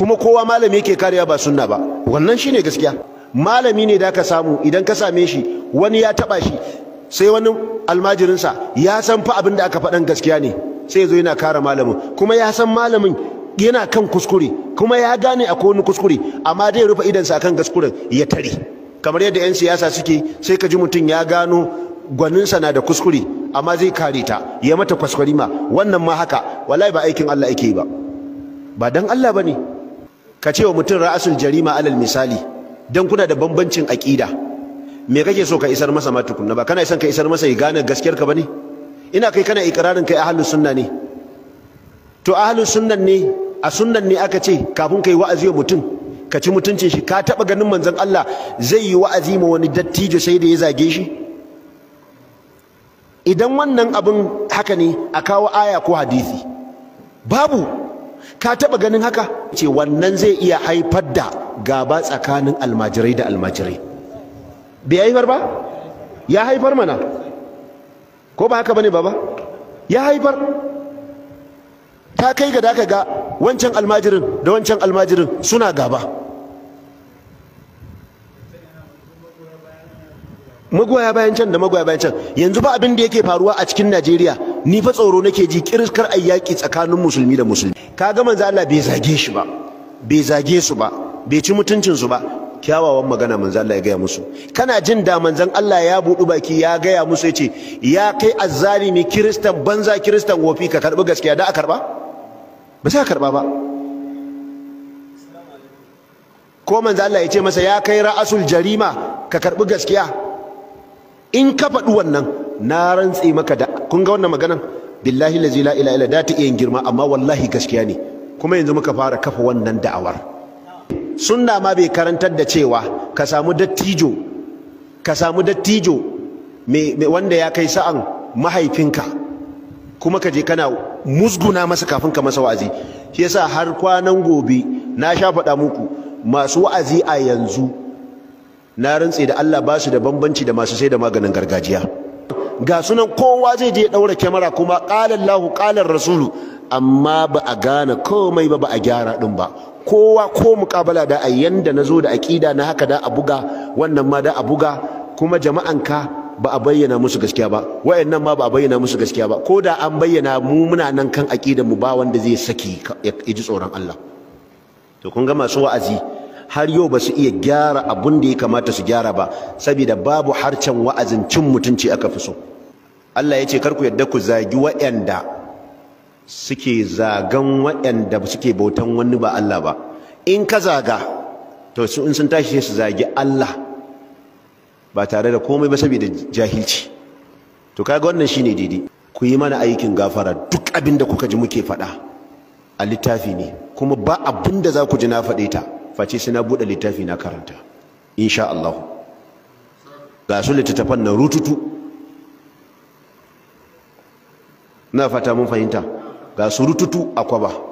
kuma kowa malami yake kariya ba sunna ba wannan shine gaskiya malami ne da ka samu idan ka same shi wani ya taba shi sai wani almajirinsa ya san fa abin da aka faɗan gaskiya ne sai zo yana kare malamin kuma ya san malamin yana kan kuskure kuma ya gane a wani kuskure amma dai rufe idansa kan gaskuren. ya tare kamar yadda 'yan siyasa suke sai ka ji mutum ya gano gwaninsa na da kuskure amma zai kare ta ya mata kwaskwarima wannan ma haka wallahi ba aikin Allah ake yi ba ba dan Allah bane ka ce wa mutum ra'asul jarima alal misali dan kuna da bambancin aƙida me kake so ka isar masa ma tukunna ba kana isan ka isar masa ya gane gaskiyar ka ne? ina kai kana ikirarin kai ahlus sunna ne to ahlus sunnan ne a sunnan ne aka ce kafin kai wa'azi wa mutum ka ci mutuncin shi ka taba ganin manzon Allah zai yi wa'azi ma wani dattijo sai da ya zage shi idan wannan abin haka ne a kawo aya ko hadisi babu ka taba ganin haka ce wannan zai iya haifar da gaba tsakanin almajirai da almajirai bai haifar ba ya haifar mana ko ba haka bane baba ya haifar ta kai ga daga ga wancan almajirin da wancan almajirin suna gaba magoya bayan can da magoya bayan can yanzu ba abin da yake faruwa a cikin najeriya ni fa tsoro nake ji kirkar ayyaki tsakanin musulmi da musulmi kaga manzo Allah bai zage shi ba bai zage su ba bai ci mutuncin su ba kyawawan magana manzo Allah ya gaya musu kana jin da manzon Allah ya budu baki ya gaya musu yace ya kai azzalimi kristan banza kristan wofi ka karbi gaskiya da a karba ba sai karba ba ko manzo Allah ya ce masa ya kai ra'asul jarima ka karbi gaskiya in ka faɗi wannan na rantse maka da kun ga wannan maganan billahi lazi la ila ila da ta iya girma amma wallahi gaskiya ne kuma yanzu muka fara kafa wannan da'awar sunna ma bai karantar da cewa ka samu dattijo ka samu dattijo wanda ya kai sa'an mahaifinka kuma ka je kana musguna masa kafin ka masa wa'azi shi yasa har kwanan gobe na sha faɗa muku masu wa'azi a yanzu na rantse da Allah ba su da bambanci da masu sai da maganin gargajiya ga sunan kowa zai je daura kyamara kuma qala Allahu qala rasulu amma ba a gane komai ba ba a gyara din ba kowa ko mukabala da yanda na nazo da aqida na haka da a buga wannan ma da a buga kuma jama'anka ba a bayyana musu gaskiya ba wayannan ma ba a bayyana musu gaskiya ba ko da an bayyana mu muna nan kan aqidar mu ba wanda zai saki ya ji tsoron Allah to kun ga masu wa'azi har yau ba su iya gyara abun da ya kamata su gyara ba saboda babu harcen wa'azin cin mutunci aka fi so Allah ya ce kar ku yadda ku zagi wa'anda suke zagan wa'anda suke bautan wani ba Allah ba in ka zaga to su in sun tashi su zagi Allah ba tare da komai ba saboda jahilci to kaga wannan shine daidai ku yi mana aikin gafara duk abin da kuka ji muke faɗa a littafi ne kuma ba abin da za ku ji na faɗe ta face sai na buɗe littafi na karanta insha Allah ga su littattafan na rututu na fata mun fahimta ga su rututu a kwaba